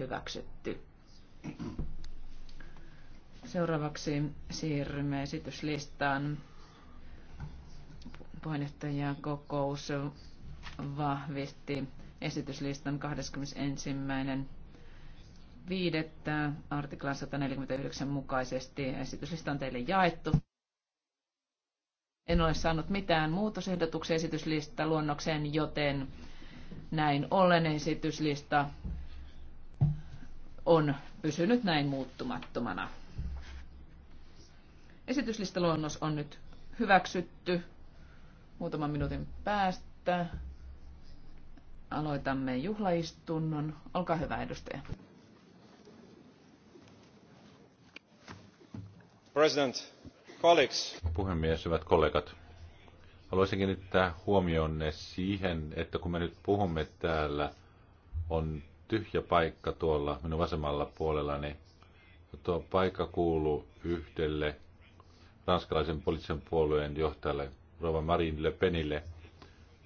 hyväksytty. Seuraavaksi siirrymme esityslistaan. Puheenjohtajan kokous vahvisti esityslistan 21. viidettä artiklan 149 mukaisesti. Esityslista on teille jaettu. En ole saanut mitään muutosehdotuksia esityslista luonnokseen, joten näin ollen esityslista on pysynyt näin muuttumattomana. Esityslistaluonnos on nyt hyväksytty muutaman minuutin päästä. Aloitamme juhlaistunnon. Olkaa hyvä, edustaja. President, colleagues. Puhemies, hyvät kollegat. Haluaisin kiinnittää huomionne siihen, että kun me nyt puhumme täällä, on tyhjä paikka tuolla minun vasemmalla puolellani. Tuo paikka kuuluu yhdelle ranskalaisen poliittisen puolueen johtajalle, Rova Marine Le Penille.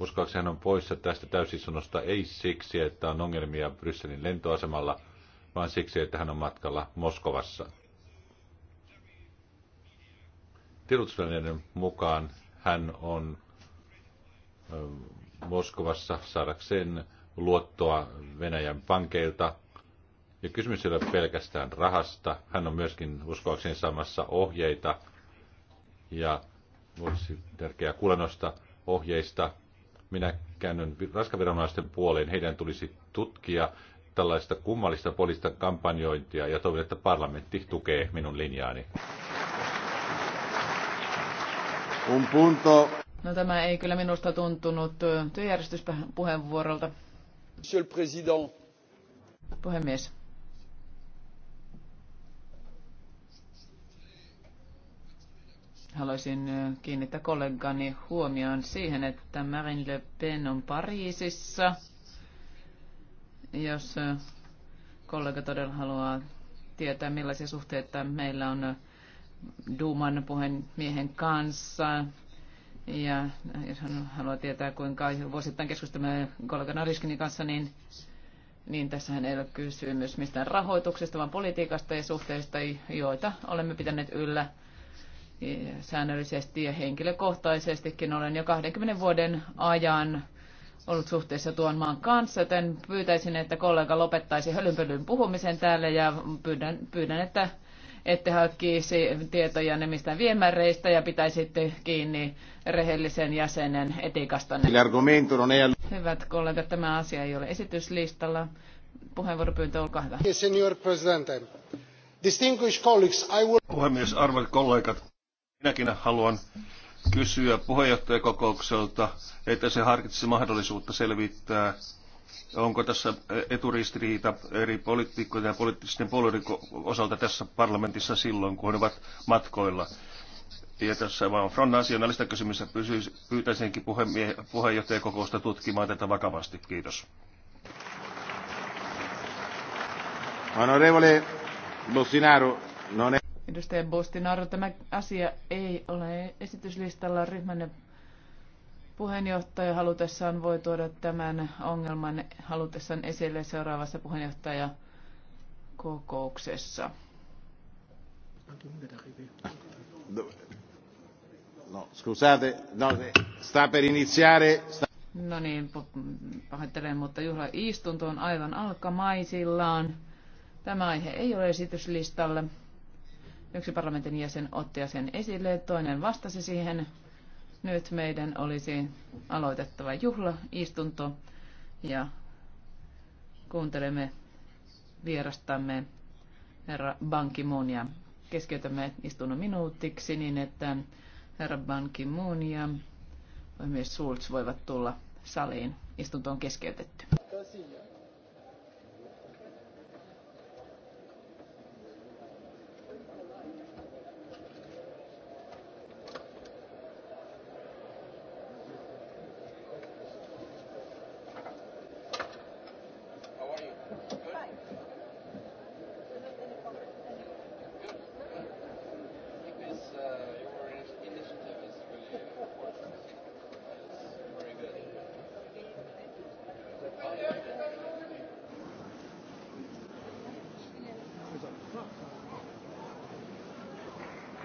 Uskoakseni hän on poissa tästä täysistunnosta ei siksi, että on ongelmia Brysselin lentoasemalla, vaan siksi, että hän on matkalla Moskovassa. Tiedotusvälineiden mukaan hän on Moskovassa saadakseen luottoa Venäjän pankeilta. Ja kysymys ei ole pelkästään rahasta. Hän on myöskin uskoakseni saamassa ohjeita ja olisi tärkeää kuulennosta ohjeista. Minä käännyn raskaviranomaisten puoleen. Heidän tulisi tutkia tällaista kummallista poliittista kampanjointia ja toivon, että parlamentti tukee minun linjaani. Un punto. No tämä ei kyllä minusta tuntunut työjärjestyspuheenvuorolta. Monsieur le Président. Haluaisin kiinnittää kollegani huomioon siihen, että Marine Le Pen on Pariisissa. Jos kollega todella haluaa tietää, millaisia suhteita meillä on Duuman puhemiehen kanssa, ja jos hän haluaa tietää, kuinka vuosittain keskustelemme kollega Nariskinin kanssa, niin, niin tässähän ei ole kysymys mistään rahoituksesta, vaan politiikasta ja suhteista, joita olemme pitäneet yllä säännöllisesti ja henkilökohtaisestikin. Olen jo 20 vuoden ajan ollut suhteessa tuon maan kanssa, joten pyytäisin, että kollega lopettaisi hölynpölyn puhumisen täällä ja pyydän, pyydän että ette hankki tietoja mistään viemäreistä ja pitäisitte kiinni rehellisen jäsenen etikastanne. Hyvät kollegat, tämä asia ei ole esityslistalla. Puheenvuoropyyntö, olkaa hyvä. Puhemies, arvoisat kollegat, minäkin haluan kysyä puheenjohtajakokoukselta, että se harkitsisi mahdollisuutta selvittää onko tässä eturistiriita eri poliitikkojen ja poliittisten puolueiden osalta tässä parlamentissa silloin, kun he ovat matkoilla. Ja tässä vaan Front Nationalista kysymys, pyytäisinkin puheenjohtajakokousta tutkimaan tätä vakavasti. Kiitos. Onorevole Bostinaro, non è... Edustaja Bostinaro, tämä asia ei ole esityslistalla ryhmänne Puheenjohtaja halutessaan voi tuoda tämän ongelman halutessaan esille seuraavassa puheenjohtajakokouksessa. No, scusate, no, sta per iniziare. Sta... No niin, pahoittelen, mutta Juhla istunto on aivan alkamaisillaan. Tämä aihe ei ole esityslistalle. Yksi parlamentin jäsen otti sen esille, toinen vastasi siihen. Nyt meidän olisi aloitettava juhlaistunto ja kuuntelemme vierastamme herra Ban Ki-moon ja keskeytämme istunnon minuutiksi niin, että herra Ban Ki-moon ja myös Schulz voivat tulla saliin. Istunto on keskeytetty.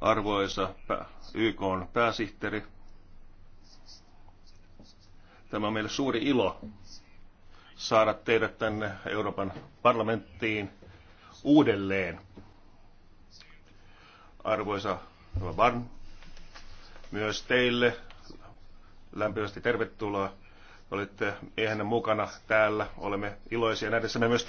Arvoisa YK pääsihteeri, tämä on meille suuri ilo saada teidät tänne Euroopan parlamenttiin uudelleen. Arvoisa Van, myös teille lämpimästi tervetuloa. Olette miehenne mukana täällä. Olemme iloisia nähdessämme myös